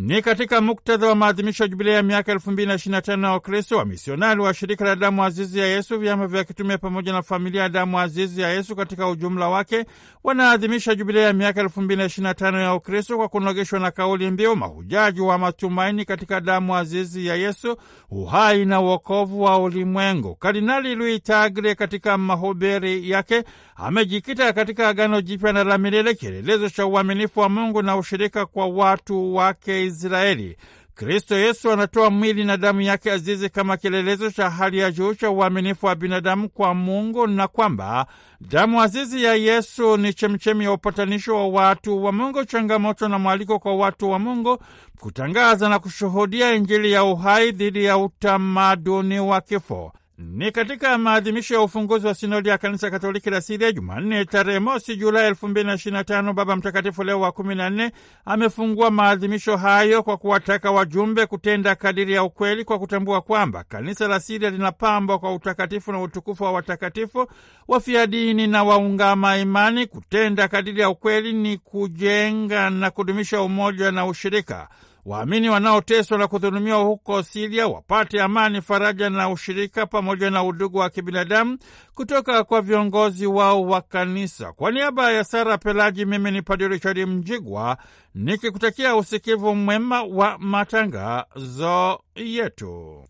Ni katika muktadha wa maadhimisho ya jubilei ya miaka elfu mbili na na tano ya Wakristo wa misionari wa shirika la damu azizi ya Yesu, vyama vya kitume pamoja na familia ya damu azizi ya Yesu katika ujumla wake wanaadhimisha jubilei ya miaka elfu mbili na na tano ya Ukristo kwa kunogeshwa na kauli mbiu mahujaji wa matumaini katika damu azizi ya Yesu, uhai na uokovu wa ulimwengu. Kardinali Luitagre katika mahubiri yake amejikita katika Agano Jipya na la milele, kielelezo cha uaminifu wa Mungu na ushirika kwa watu wake Israeli. Kristo Yesu anatoa mwili na damu yake azizi kama kielelezo cha hali ya juu cha uaminifu wa binadamu kwa Mungu, na kwamba damu azizi ya Yesu ni chemchemi ya upatanisho wa watu wa Mungu, changamoto na mwaliko kwa watu wa Mungu kutangaza na kushuhudia Injili ya uhai dhidi ya utamaduni wa kifo. Ni katika maadhimisho ya ufunguzi wa sinodi ya kanisa Katoliki la Siria, Jumanne tarehe mosi Julai elfu mbili na ishirini na tano, Baba Mtakatifu Leo wa kumi na nne amefungua maadhimisho hayo kwa kuwataka wajumbe kutenda kadiri ya ukweli, kwa kutambua kwamba kanisa la Siria linapambwa kwa utakatifu na utukufu wa watakatifu wafia dini na waungama imani. Kutenda kadiri ya ukweli ni kujenga na kudumisha umoja na ushirika. Waamini wanaoteswa na kudhulumiwa huko Siria wapate amani, faraja na ushirika pamoja na udugu wa kibinadamu kutoka kwa viongozi wao wa kanisa. Kwa niaba ya Sara Pelaji, mimi ni Padre Richard Mjigwa nikikutakia usikivu mwema wa matangazo yetu.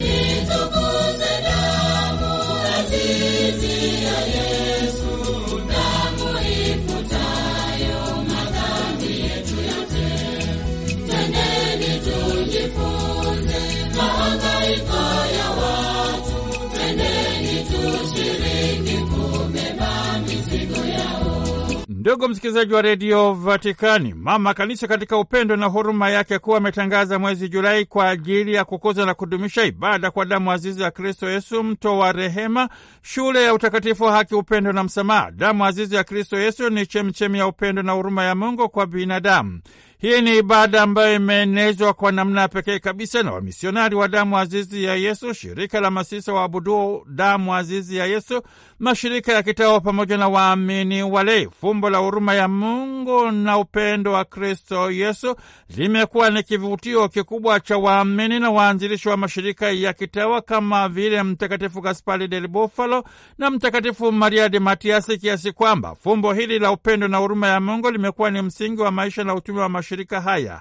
Ndugu msikilizaji wa redio Vatikani, mama kanisa katika upendo na huruma yake kuwa ametangaza mwezi Julai kwa ajili ya kukuza na kudumisha ibada kwa damu azizi ya Kristo Yesu, mto wa rehema, shule ya utakatifu wa haki, upendo na msamaha. Damu azizi ya Kristo Yesu ni chemchemi ya upendo na huruma ya Mungu kwa binadamu. Hii ni ibada ambayo imeenezwa kwa namna ya pekee kabisa na wamisionari wa damu azizi ya Yesu, shirika la masisa waabuduo damu azizi ya Yesu mashirika ya kitawa pamoja na waamini walei. Fumbo la huruma ya Mungu na upendo wa Kristo Yesu limekuwa ni kivutio kikubwa cha waamini na waanzilishi wa mashirika ya kitawa kama vile Mtakatifu Gaspari del Bufalo na Mtakatifu Maria de Matiasi, kiasi kwamba fumbo hili la upendo na huruma ya Mungu limekuwa ni msingi wa maisha na utume wa mashirika haya.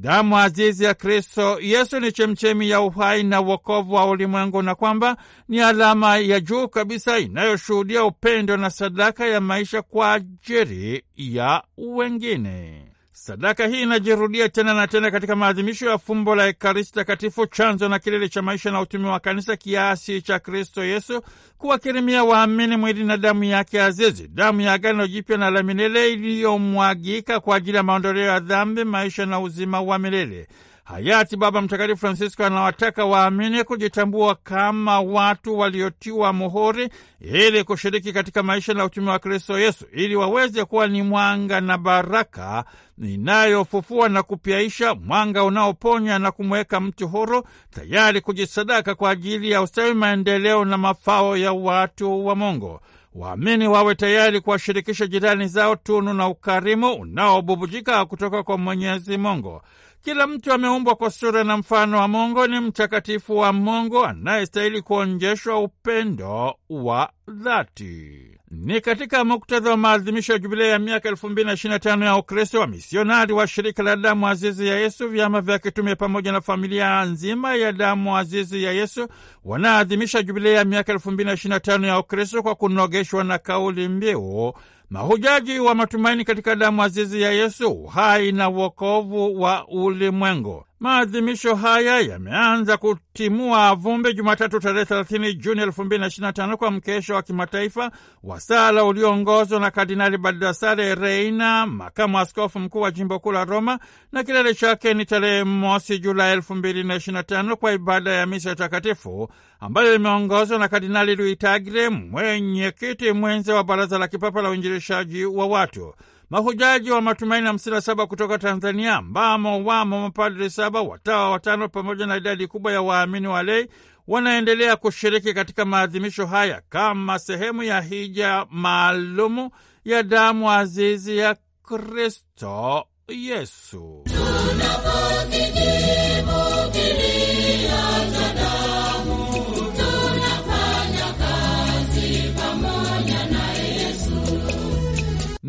Damu azizi ya Kristo Yesu ni chemchemi ya uhai na wokovu wa ulimwengu, na kwamba ni alama ya juu kabisa inayoshuhudia upendo na sadaka ya maisha kwa ajili ya wengine. Sadaka hii inajirudia tena na tena katika maadhimisho ya fumbo la Ekaristi Takatifu, chanzo na kilele cha maisha na utumi wa Kanisa, kiasi cha Kristo Yesu kuwakirimia waamini mwili na damu yake azizi, damu ya agano jipya na la milele iliyomwagika kwa ajili ya maondoleo ya dhambi, maisha na uzima wa milele. Hayati Baba Mtakatifu Francisco anawataka waamini kujitambua kama watu waliotiwa muhuri ili kushiriki katika maisha na utume wa Kristo Yesu, ili waweze kuwa ni mwanga na baraka inayofufua na kupyaisha, mwanga unaoponya na kumweka mtu huru tayari kujisadaka kwa ajili ya ustawi, maendeleo na mafao ya watu wa Mungu. Waamini wawe tayari kuwashirikisha jirani zao tunu na ukarimu unaobubujika kutoka kwa Mwenyezi Mungu. Kila mtu ameumbwa kwa sura na mfano wa Mungu, ni mtakatifu wa Mungu anayestahili kuonjeshwa upendo wa dhati. Ni katika muktadha wa maadhimisho ya jubilei ya miaka elfu mbili na tano ya Ukristo wa misionari wa shirika la damu azizi ya Yesu, vyama vya kitume pamoja na familia nzima ya damu azizi ya Yesu wanaadhimisha jubilei ya miaka elfu mbili na tano ya Ukristo kwa kunogeshwa na kauli mbiu mahujaji wa matumaini katika damu azizi ya Yesu, uhai na wokovu wa ulimwengu. Maadhimisho haya yameanza kutimua vumbi Jumatatu tarehe 30 Juni 2025 kwa mkesho wa kimataifa wa sala ulioongozwa na Kardinali Baldassare Reina, makamu askofu mkuu wa jimbo kuu la Roma, na kilele chake ni tarehe mosi Julai 2025 kwa ibada ya misa ya takatifu ambayo imeongozwa na Kardinali Luitagre, mwenyekiti mwenze wa Baraza la Kipapa la Uinjilishaji wa Watu mahujaji wa matumaini hamsini na saba kutoka Tanzania ambamo wamo mapadri saba, watawa watano, pamoja na idadi kubwa ya waamini walei wanaendelea kushiriki katika maadhimisho haya kama sehemu ya hija maalumu ya damu azizi ya Kristo Yesu.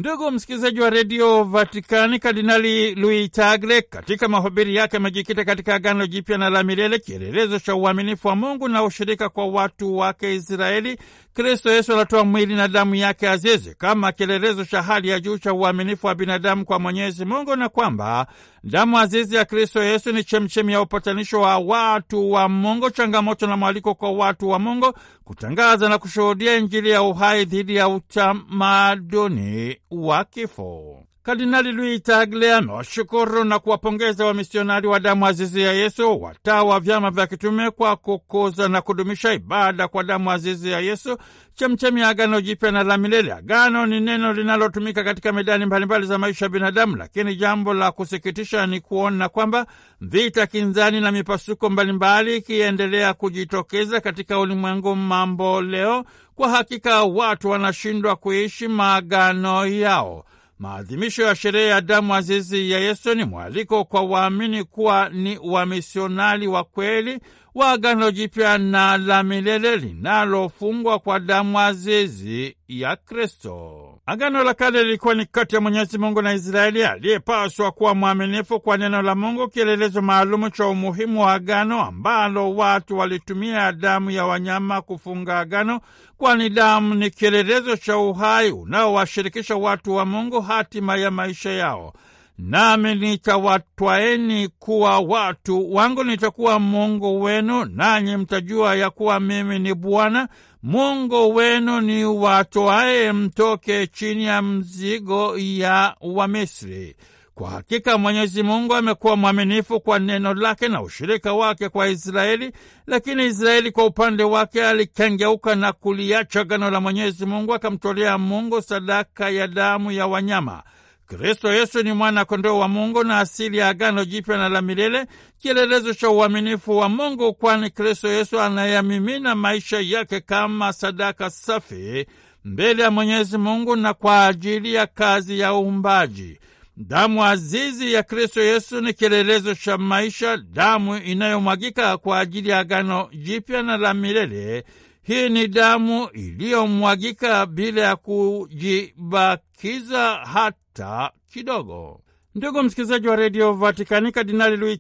Ndugu msikilizaji wa redio Vatikani, Kardinali tagre katika mahubiri yake amejikita katika agano jipya na la milele, kielelezo cha uaminifu wa Mungu na ushirika kwa watu wake Israeli. Kristo Yesu anatoa mwili na damu yake azizi kama kielelezo cha hali ya juu cha uaminifu wa binadamu kwa Mwenyezi Mungu na kwamba Damu azizi ya Kristo Yesu ni chemchemi ya upatanisho wa watu wa Mungu, changamoto na mwaliko kwa watu wa Mungu kutangaza na kushuhudia Injili ya uhai dhidi ya utamaduni wa kifo. Kardinali Luis Tagle amewashukuru na kuwapongeza wamisionari wa damu azizi ya Yesu, watawa vyama vya kitume kwa kukuza na kudumisha ibada kwa damu azizi ya Yesu, chemchemi ya agano jipya na la milele. Agano ni neno linalotumika katika medani mbalimbali za maisha ya binadamu, lakini jambo la kusikitisha ni kuona kwamba vita, kinzani na mipasuko mbalimbali ikiendelea kujitokeza katika ulimwengu mambo leo. Kwa hakika watu wanashindwa kuishi maagano yao. Maadhimisho ya sherehe ya damu azizi ya Yesu ni mwaliko kwa waamini kuwa ni wamisionari wa kweli wa Agano Jipya na la milele linalofungwa kwa damu azizi ya Kristo. Agano la Kale lilikuwa ni kati ya Mwenyezi Mungu na Israeli, aliyepaswa kuwa mwaminifu kwa neno la Mungu, kielelezo maalumu cha umuhimu wa agano, ambalo watu walitumia damu ya wanyama kufunga agano, kwani damu ni kielelezo cha uhai unaowashirikisha watu wa Mungu hatima ya maisha yao. Nami nitawatwaeni kuwa watu wangu, nitakuwa Mungu wenu, nanyi mtajua ya kuwa mimi ni Bwana Mungu wenu ni watoaye mtoke chini ya mzigo ya Wamisri. Kwa hakika Mwenyezi Mungu amekuwa mwaminifu kwa neno lake na ushirika wake kwa Israeli, lakini Israeli kwa upande wake alikengeuka na kuliacha gano la Mwenyezi Mungu, akamtolea Mungu sadaka ya damu ya wanyama. Kristo Yesu ni mwana kondoo wa Mungu na asili ya agano jipya na la milele, kielelezo cha uaminifu wa Mungu, kwani Kristo Yesu anayamimina maisha yake kama sadaka safi mbele ya Mwenyezi Mungu na kwa ajili ya kazi ya uumbaji. Damu azizi ya Kristo Yesu ni kielelezo cha maisha, damu inayomwagika kwa ajili ya agano jipya na la milele. Hii ni damu iliyomwagika bila ya kujibakiza hata hata kidogo. Ndugu msikilizaji wa redio Vatikani, Kardinali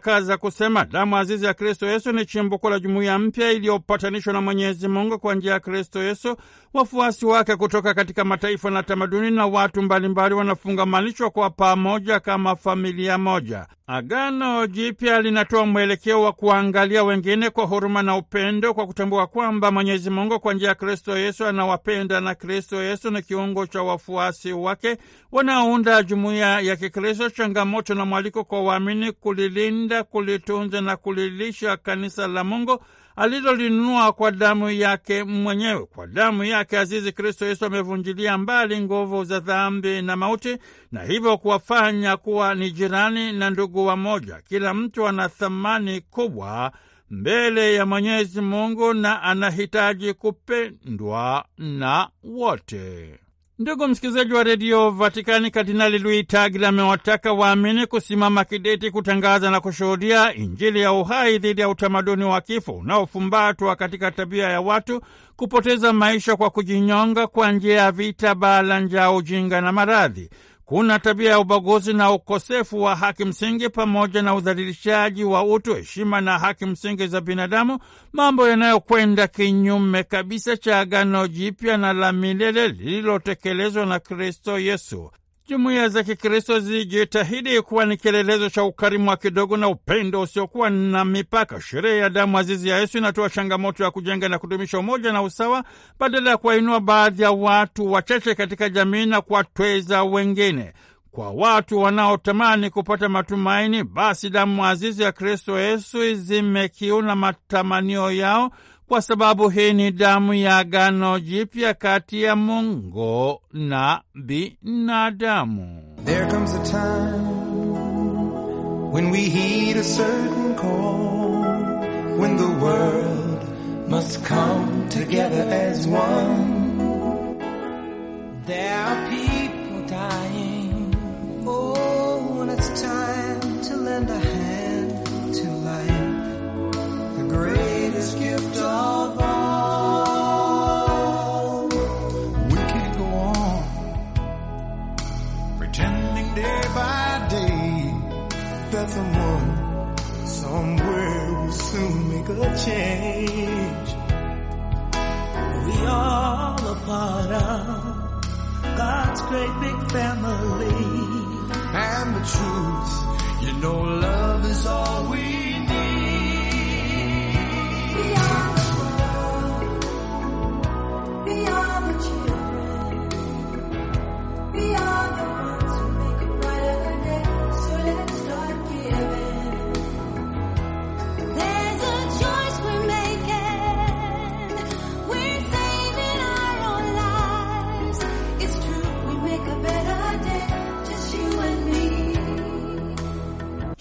kazi ya kusema damu azizi ya Kristo Yesu ni chimbuko la jumuiya mpya iliyopatanishwa na Mwenyezi Mungu kwa njia ya Kristo Yesu. Wafuasi wake kutoka katika mataifa na tamaduni na watu mbalimbali wanafungamanishwa kwa pamoja kama familia moja. Agano Jipya linatoa mwelekeo wa kuangalia wengine kwa huruma na upendo, kwa kutambua kwamba Mwenyezi Mungu kwa njia ya Kristo Yesu anawapenda na Kristo Yesu ni kiungo cha wafuasi wake wanaounda jumuiya ya kutekeleza changamoto na mwaliko kwa waamini kulilinda, kulitunza na kulilisha kanisa la Mungu alilolinunua kwa damu yake mwenyewe. Kwa damu yake azizi, Kristo Yesu amevunjilia mbali nguvu za dhambi na mauti, na hivyo kuwafanya kuwa ni jirani na ndugu wa moja. Kila mtu ana thamani kubwa mbele ya Mwenyezi Mungu na anahitaji kupendwa na wote. Ndugu msikilizaji wa redio Vatikani, Kardinali Luis Tagle amewataka waamini kusimama kidete kutangaza na kushuhudia Injili ya uhai dhidi ya utamaduni wa kifo unaofumbatwa katika tabia ya watu kupoteza maisha kwa kujinyonga kwa njia ya vita, la njaa, ujinga na maradhi kuna tabia ya ubaguzi na ukosefu wa haki msingi pamoja na udhalilishaji wa utu, heshima na haki msingi za binadamu, mambo yanayokwenda kinyume kabisa cha Agano Jipya na la milele lililotekelezwa na Kristo Yesu. Jumuiya za Kikristo zijitahidi kuwa ni kielelezo cha ukarimu wa kidogo na upendo usiokuwa na mipaka. Sherehe ya damu azizi ya Yesu inatoa changamoto ya kujenga na kudumisha umoja na usawa, badala ya kuwainua baadhi ya watu wachache katika jamii na kuwatweza wengine. Kwa watu wanaotamani kupata matumaini, basi damu azizi ya Kristo Yesu zimekiuna matamanio yao kwa sababu hii ni damu ya agano jipya kati ya Mungu na binadamu. There comes a time when we heed a certain call, when the world must come together as one. There are people dying, oh, when it's time to lend a hand to life, the grave best gift of all.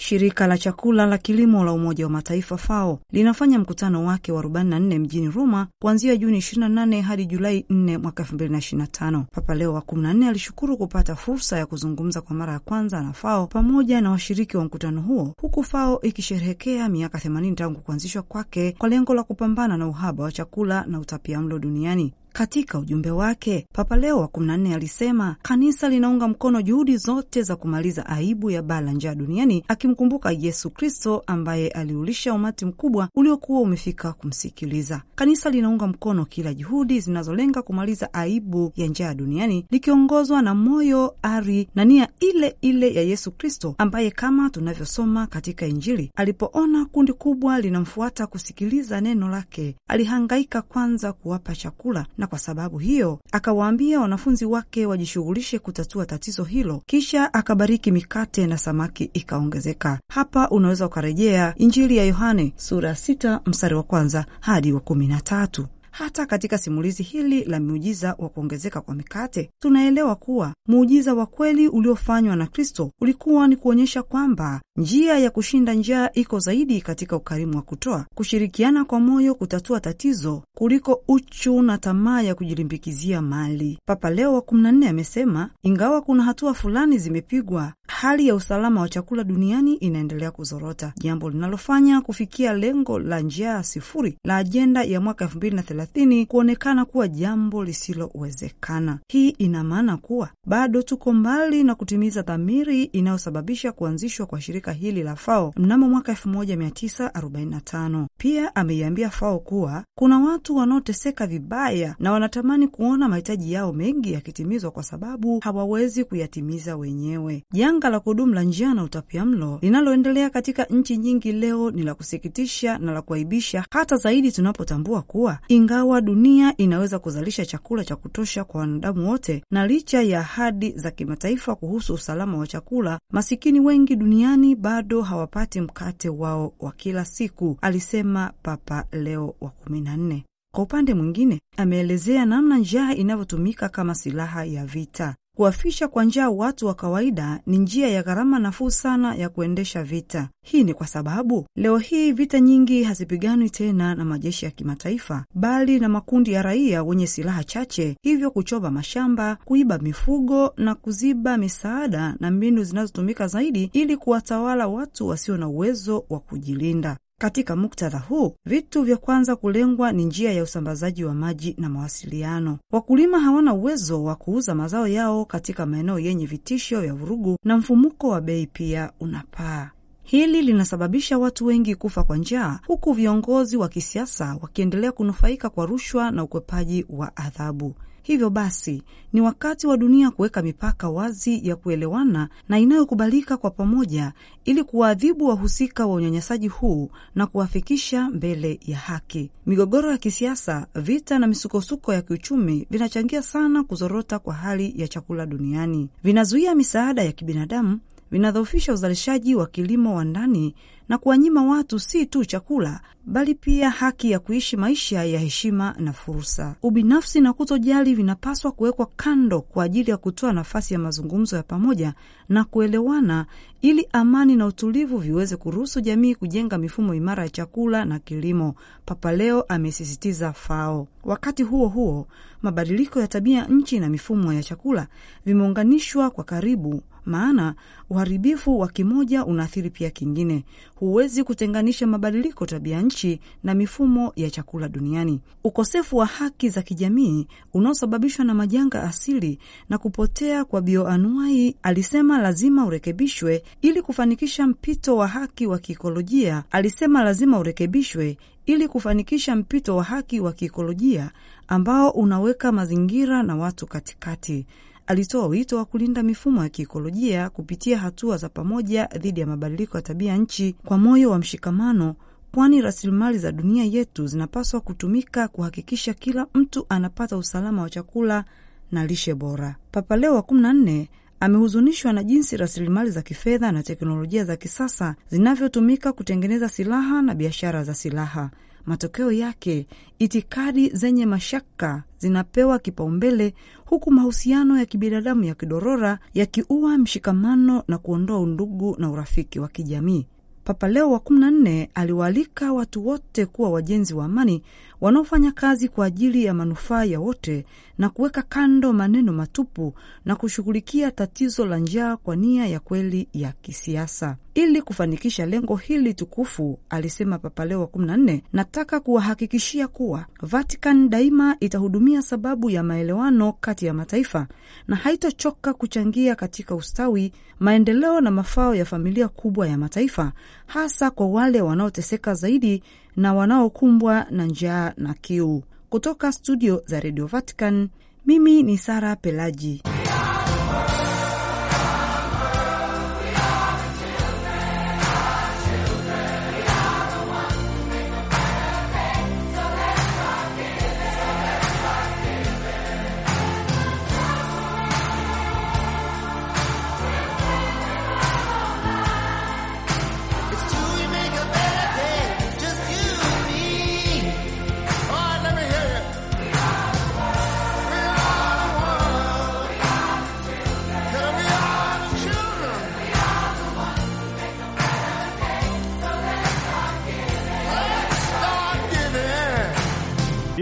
Shirika la chakula la kilimo la Umoja wa Mataifa FAO linafanya mkutano wake wa 44 mjini Roma kuanzia Juni 28 hadi Julai 4 mwaka 2025. Papa Leo wa 14 alishukuru kupata fursa ya kuzungumza kwa mara ya kwanza na FAO pamoja na washiriki wa mkutano huo, huku FAO ikisherehekea miaka 80 tangu kuanzishwa kwake kwa lengo la kupambana na uhaba wa chakula na utapiamlo duniani. Katika ujumbe wake, Papa Leo wa 14 alisema kanisa linaunga mkono juhudi zote za kumaliza aibu ya baa la njaa duniani, akimkumbuka Yesu Kristo ambaye aliulisha umati mkubwa uliokuwa umefika kumsikiliza. Kanisa linaunga mkono kila juhudi zinazolenga kumaliza aibu ya njaa duniani, likiongozwa na moyo, ari na nia ile ile ya Yesu Kristo ambaye kama tunavyosoma katika Injili, alipoona kundi kubwa linamfuata kusikiliza neno lake, alihangaika kwanza kuwapa chakula na na kwa sababu hiyo akawaambia wanafunzi wake wajishughulishe kutatua tatizo hilo, kisha akabariki mikate na samaki ikaongezeka. Hapa unaweza ukarejea Injili ya Yohane sura 6 mstari wa kwanza hadi wa kumi na tatu. Hata katika simulizi hili la miujiza wa kuongezeka kwa mikate, tunaelewa kuwa muujiza wa kweli uliofanywa na Kristo ulikuwa ni kuonyesha kwamba njia ya kushinda njaa iko zaidi katika ukarimu wa kutoa, kushirikiana kwa moyo kutatua tatizo kuliko uchu na tamaa ya kujilimbikizia mali. Papa Leo wa 14 amesema ingawa kuna hatua fulani zimepigwa Hali ya usalama wa chakula duniani inaendelea kuzorota, jambo linalofanya kufikia lengo la njia ya sifuri la ajenda ya mwaka elfu mbili na thelathini kuonekana kuwa jambo lisilowezekana. Hii ina maana kuwa bado tuko mbali na kutimiza dhamiri inayosababisha kuanzishwa kwa shirika hili la FAO mnamo mwaka 1945. Pia ameiambia FAO kuwa kuna watu wanaoteseka vibaya na wanatamani kuona mahitaji yao mengi yakitimizwa kwa sababu hawawezi kuyatimiza wenyewe. Janga la kudumu la njaa na utapiamlo linaloendelea katika nchi nyingi leo ni la kusikitisha na la kuaibisha, hata zaidi tunapotambua kuwa ingawa dunia inaweza kuzalisha chakula cha kutosha kwa wanadamu wote, na licha ya ahadi za kimataifa kuhusu usalama wa chakula, masikini wengi duniani bado hawapati mkate wao wa kila siku, alisema kama Papa Leo wa kumi na nne. Kwa upande mwingine, ameelezea namna njaa inavyotumika kama silaha ya vita. Kuwafisha kwa njaa watu wa kawaida ni njia ya gharama nafuu sana ya kuendesha vita. Hii ni kwa sababu leo hii vita nyingi hazipiganwi tena na majeshi ya kimataifa, bali na makundi ya raia wenye silaha chache, hivyo kuchoba mashamba, kuiba mifugo na kuziba misaada, na mbinu zinazotumika zaidi ili kuwatawala watu wasio na uwezo wa kujilinda. Katika muktadha huu, vitu vya kwanza kulengwa ni njia ya usambazaji wa maji na mawasiliano. Wakulima hawana uwezo wa kuuza mazao yao katika maeneo yenye vitisho vya vurugu na mfumuko wa bei pia unapaa. Hili linasababisha watu wengi kufa kwa njaa, huku viongozi wa kisiasa wakiendelea kunufaika kwa rushwa na ukwepaji wa adhabu. Hivyo basi ni wakati wa dunia kuweka mipaka wazi ya kuelewana na inayokubalika kwa pamoja, ili kuwaadhibu wahusika wa unyanyasaji huu na kuwafikisha mbele ya haki. Migogoro ya kisiasa, vita na misukosuko ya kiuchumi vinachangia sana kuzorota kwa hali ya chakula duniani, vinazuia misaada ya kibinadamu vinadhoofisha uzalishaji wa kilimo wa ndani na kuwanyima watu si tu chakula bali pia haki ya kuishi maisha ya heshima na fursa. Ubinafsi na kutojali vinapaswa kuwekwa kando kwa ajili ya kutoa nafasi ya mazungumzo ya pamoja na kuelewana, ili amani na utulivu viweze kuruhusu jamii kujenga mifumo imara ya chakula na kilimo, Papa Leo amesisitiza FAO. Wakati huo huo, mabadiliko ya tabia nchi na mifumo ya chakula vimeunganishwa kwa karibu maana uharibifu wa kimoja unaathiri pia kingine. Huwezi kutenganisha mabadiliko tabia nchi na mifumo ya chakula duniani. Ukosefu wa haki za kijamii unaosababishwa na majanga asili na kupotea kwa bioanuai, alisema lazima urekebishwe ili kufanikisha mpito wa haki wa kiikolojia. Alisema lazima urekebishwe ili kufanikisha mpito wa haki wa kiikolojia ambao unaweka mazingira na watu katikati alitoa wito wa kulinda mifumo ya kiikolojia kupitia hatua za pamoja dhidi ya mabadiliko ya tabia nchi kwa moyo wa mshikamano, kwani rasilimali za dunia yetu zinapaswa kutumika kuhakikisha kila mtu anapata usalama wa chakula na lishe bora. Papa Leo wa 14 amehuzunishwa na jinsi rasilimali za kifedha na teknolojia za kisasa zinavyotumika kutengeneza silaha na biashara za silaha. Matokeo yake itikadi zenye mashaka zinapewa kipaumbele, huku mahusiano ya kibinadamu ya kidorora yakiua mshikamano na kuondoa undugu na urafiki wa kijamii. Papa Leo wa 14 aliwaalika watu wote kuwa wajenzi wa amani wanaofanya kazi kwa ajili ya manufaa ya wote na kuweka kando maneno matupu na kushughulikia tatizo la njaa kwa nia ya kweli ya kisiasa. Ili kufanikisha lengo hili tukufu, alisema Papa Leo wa 14, nataka kuwahakikishia kuwa Vatican daima itahudumia sababu ya maelewano kati ya mataifa na haitochoka kuchangia katika ustawi, maendeleo na mafao ya familia kubwa ya mataifa, hasa kwa wale wanaoteseka zaidi na wanaokumbwa na njaa na kiu. Kutoka studio za redio Vatican, mimi ni Sara Pelaji.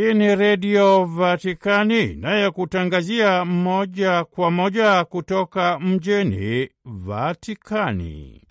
Hii ni Redio Vatikani inayokutangazia moja kwa moja kutoka mjini Vatikani.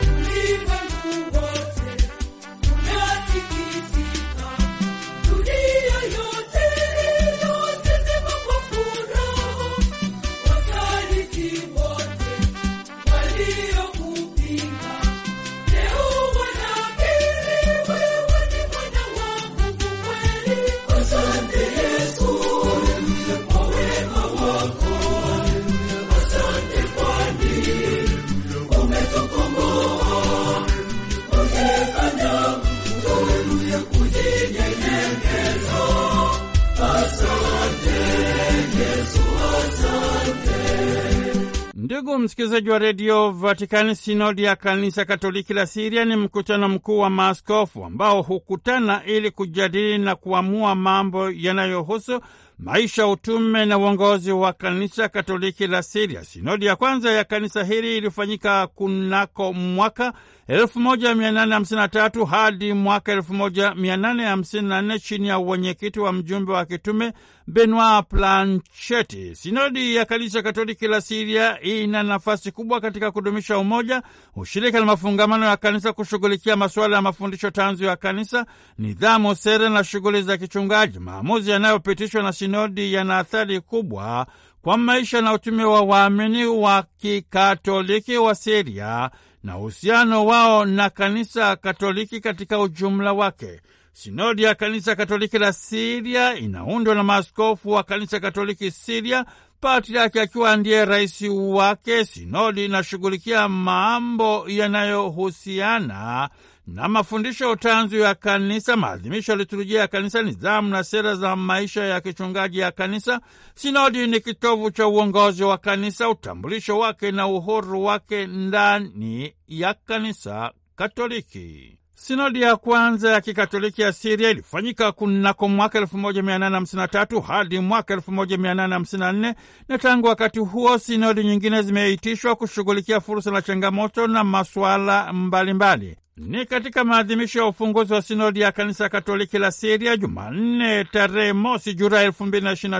Ndugu msikilizaji wa redio Vatikani, sinodi ya kanisa Katoliki la Siria ni mkutano mkuu wa maaskofu ambao hukutana ili kujadili na kuamua mambo yanayohusu maisha, utume na uongozi wa kanisa Katoliki la Siria. Sinodi ya kwanza ya kanisa hili ilifanyika kunako mwaka 1853 hadi mwaka 1854 chini ya uwenyekiti wa mjumbe wa kitume Benoit Plancheti. Sinodi ya Kanisa Katoliki la Siria ina nafasi kubwa katika kudumisha umoja, ushirika na mafungamano ya kanisa, kushughulikia masuala ya mafundisho tanzu ya kanisa, nidhamu, sera na shughuli za kichungaji. Maamuzi yanayopitishwa na sinodi yana athari kubwa kwa maisha na utume wa waamini wa kikatoliki wa Siria na uhusiano wao na Kanisa Katoliki katika ujumla wake. Sinodi ya Kanisa Katoliki la Siria inaundwa na maaskofu wa Kanisa Katoliki Siria, patriaki akiwa ndiye rais wake. Sinodi inashughulikia mambo yanayohusiana na mafundisho ya ya kanisa, maadhimisho ya liturujia ya kanisa, nidhamu na sera za maisha ya kichungaji ya kanisa. Sinodi ni kitovu cha uongozi wa kanisa, utambulisho wake na uhuru wake ndani ya kanisa Katoliki. Sinodi ya kwanza ya kikatoliki ya Siria ilifanyika kunako mwaka 1853 hadi mwaka 1854 na tangu wakati huo sinodi nyingine zimeitishwa kushughulikia fursa na changamoto na masuala mbalimbali. Ni katika maadhimisho ya ufunguzi wa sinodi ya kanisa katoliki la Siria Jumanne tarehe mosi Julai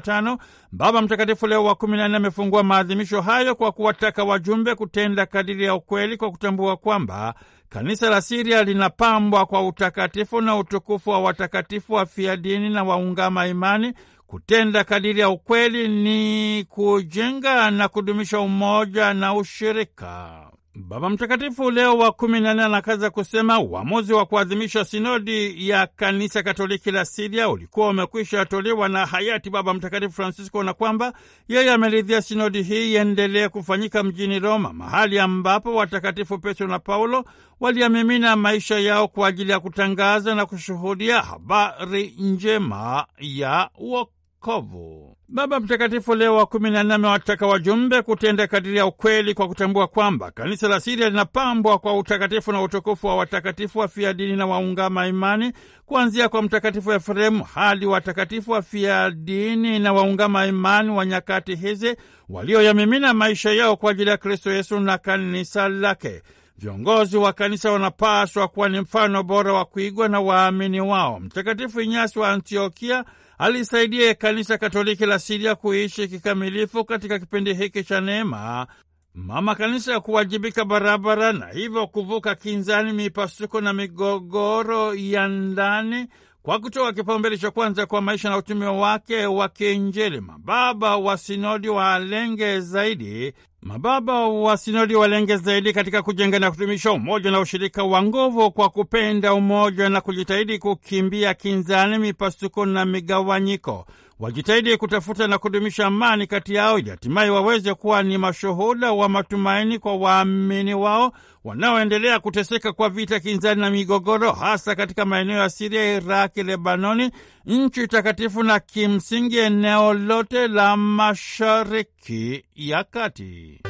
tano Baba Mtakatifu Leo wa 14 amefungua maadhimisho hayo kwa kuwataka wajumbe kutenda kadiri ya ukweli kwa kutambua kwamba Kanisa la Siria linapambwa kwa utakatifu na utukufu wa watakatifu wafia dini na waungama imani kutenda kadiri ya ukweli ni kujenga na kudumisha umoja na ushirika. Baba Mtakatifu Leo wa kumi na nne anakaza kusema uamuzi wa kuadhimisha sinodi ya kanisa Katoliki la Siria ulikuwa umekwisha tolewa na hayati Baba Mtakatifu Francisco, na kwamba yeye ameridhia sinodi hii iendelee kufanyika mjini Roma, mahali ambapo watakatifu Petro na Paulo waliamimina maisha yao kwa ajili ya kutangaza na kushuhudia habari njema ya wokovu wokovu. Baba Mtakatifu Leo wa kumi na nne amewataka wajumbe kutenda kadiri ya ukweli kwa kutambua kwamba kanisa la Siria linapambwa kwa utakatifu na utukufu wa watakatifu wafia dini na waungama imani, kuanzia kwa Mtakatifu Efremu hadi watakatifu wafia dini na waungama imani wa nyakati hizi walioyamimina maisha yao kwa ajili ya Kristo Yesu na kanisa lake. Viongozi wa kanisa wanapaswa kuwa ni mfano bora wa kuigwa na waamini wao. Mtakatifu Inyasi wa Antiokia alisaidia kanisa Katoliki la Siria kuishi kikamilifu katika kipindi hiki cha neema mama kanisa ya kuwajibika barabara na hivyo kuvuka kinzani, mipasuko na migogoro ya ndani kwa kutoa kipaumbele cha kwanza kwa maisha na utumio wake wa kiinjili. Mababa wa sinodi waalenge zaidi Mababa wa sinodi walenge zaidi katika kujenga na kutumisha umoja na ushirika wa nguvu kwa kupenda umoja na kujitahidi kukimbia kinzani, mipasuko na migawanyiko wajitahidi kutafuta na kudumisha amani kati yao, ili hatimaye waweze kuwa ni mashuhuda wa matumaini kwa waamini wao wanaoendelea kuteseka kwa vita kinzani na migogoro, hasa katika maeneo ya Siria, Iraki, Lebanoni, nchi takatifu na kimsingi eneo lote la Mashariki ya Kati.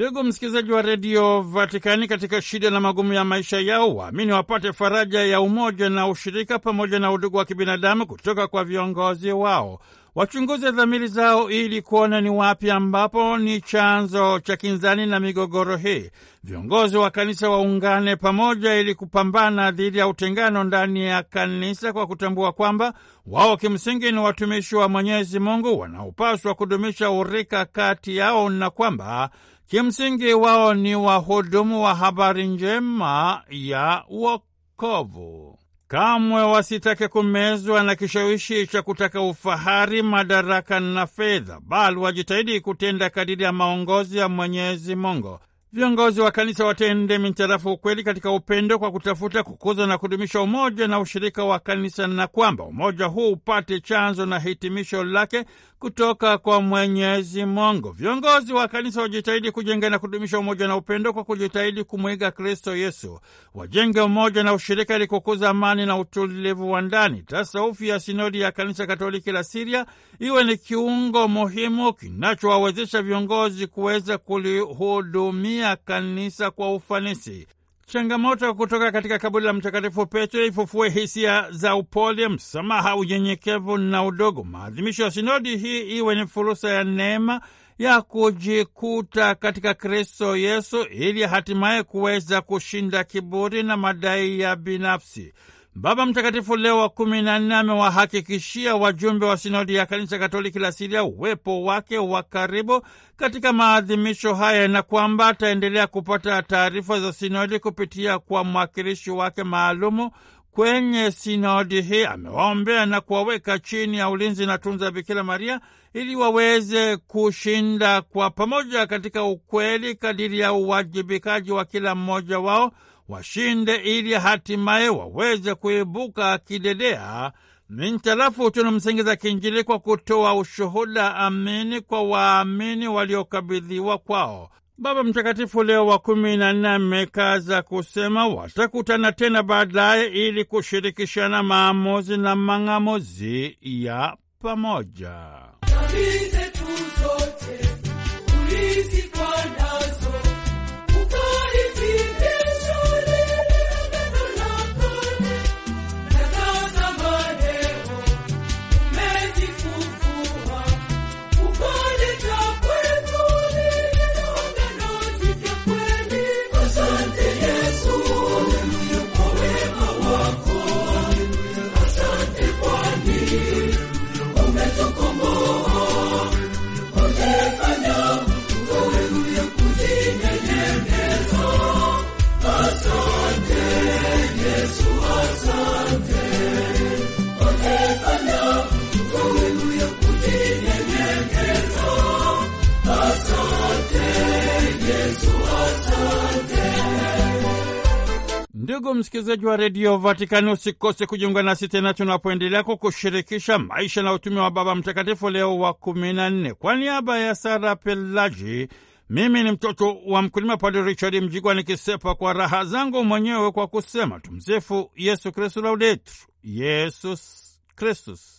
Ndugu msikilizaji wa redio Vatikani, katika shida na magumu ya maisha yao, waamini wapate faraja ya umoja na ushirika pamoja na udugu wa kibinadamu kutoka kwa viongozi wao. Wachunguze dhamiri zao ili kuona ni wapi ambapo ni chanzo cha kinzani na migogoro hii. Viongozi wa kanisa waungane pamoja ili kupambana dhidi ya utengano ndani ya kanisa kwa kutambua kwamba wao kimsingi ni watumishi wa Mwenyezi Mungu wanaopaswa kudumisha urika kati yao na kwamba Kimsingi wao ni wahudumu wa habari njema ya wokovu. Kamwe wasitake kumezwa na kishawishi cha kutaka ufahari, madaraka na fedha, bali wajitahidi kutenda kadiri ya maongozi ya Mwenyezi Mungu. Viongozi wa kanisa watende mintarafu ukweli katika upendo kwa kutafuta kukuza na kudumisha umoja na ushirika wa kanisa, na kwamba umoja huu upate chanzo na hitimisho lake kutoka kwa Mwenyezi Mungu. Viongozi wa kanisa wajitahidi kujenga na kudumisha umoja na upendo kwa kujitahidi kumwiga Kristo Yesu. Wajenge umoja na ushirika ili kukuza amani na utulivu wa ndani. Tasaufi ya sinodi ya kanisa Katoliki la Siria iwe ni kiungo muhimu kinachowawezesha viongozi kuweza kulihudumia kanisa kwa ufanisi changamoto kutoka katika kaburi la Mtakatifu Petro ifufue hisia za upole, msamaha, unyenyekevu na udogo. Maadhimisho ya sinodi hii iwe ni fursa ya neema ya kujikuta katika Kristo Yesu ili hatimaye kuweza kushinda kiburi na madai ya binafsi. Baba Mtakatifu Leo wa kumi na nne amewahakikishia wajumbe wa sinodi ya kanisa Katoliki la Siria uwepo wake wa karibu katika maadhimisho haya na kwamba ataendelea kupata taarifa za sinodi kupitia kwa mwakilishi wake maalumu kwenye sinodi hii. Amewaombea na kuwaweka chini ya ulinzi na tunza Bikira Maria ili waweze kushinda kwa pamoja katika ukweli kadiri ya uwajibikaji wa kila mmoja wao washinde ili hatimaye waweze kuibuka kidedea mintarafu tunu msingi za kwa kutoa ushuhuda amini kwa waamini waliokabidhiwa kwao. Baba Mtakatifu Leo wa kumi na nne amekaza kusema watakutana tena baadaye ili kushirikishana maamuzi na mang'amuzi ya pamoja. msikilizaji wa redio Vatikani, usikose kujiunga nasi tena tunapoendelea kukushirikisha maisha na utume wa Baba Mtakatifu Leo wa kumi na nne. Kwa niaba ya Sara Pelaji, mimi ni mtoto wa mkulima Padre Richard Mjigwa, nikisepa kwa raha zangu mwenyewe kwa kusema tumsifu Yesu Kristu, laudetur Yesus Kristus.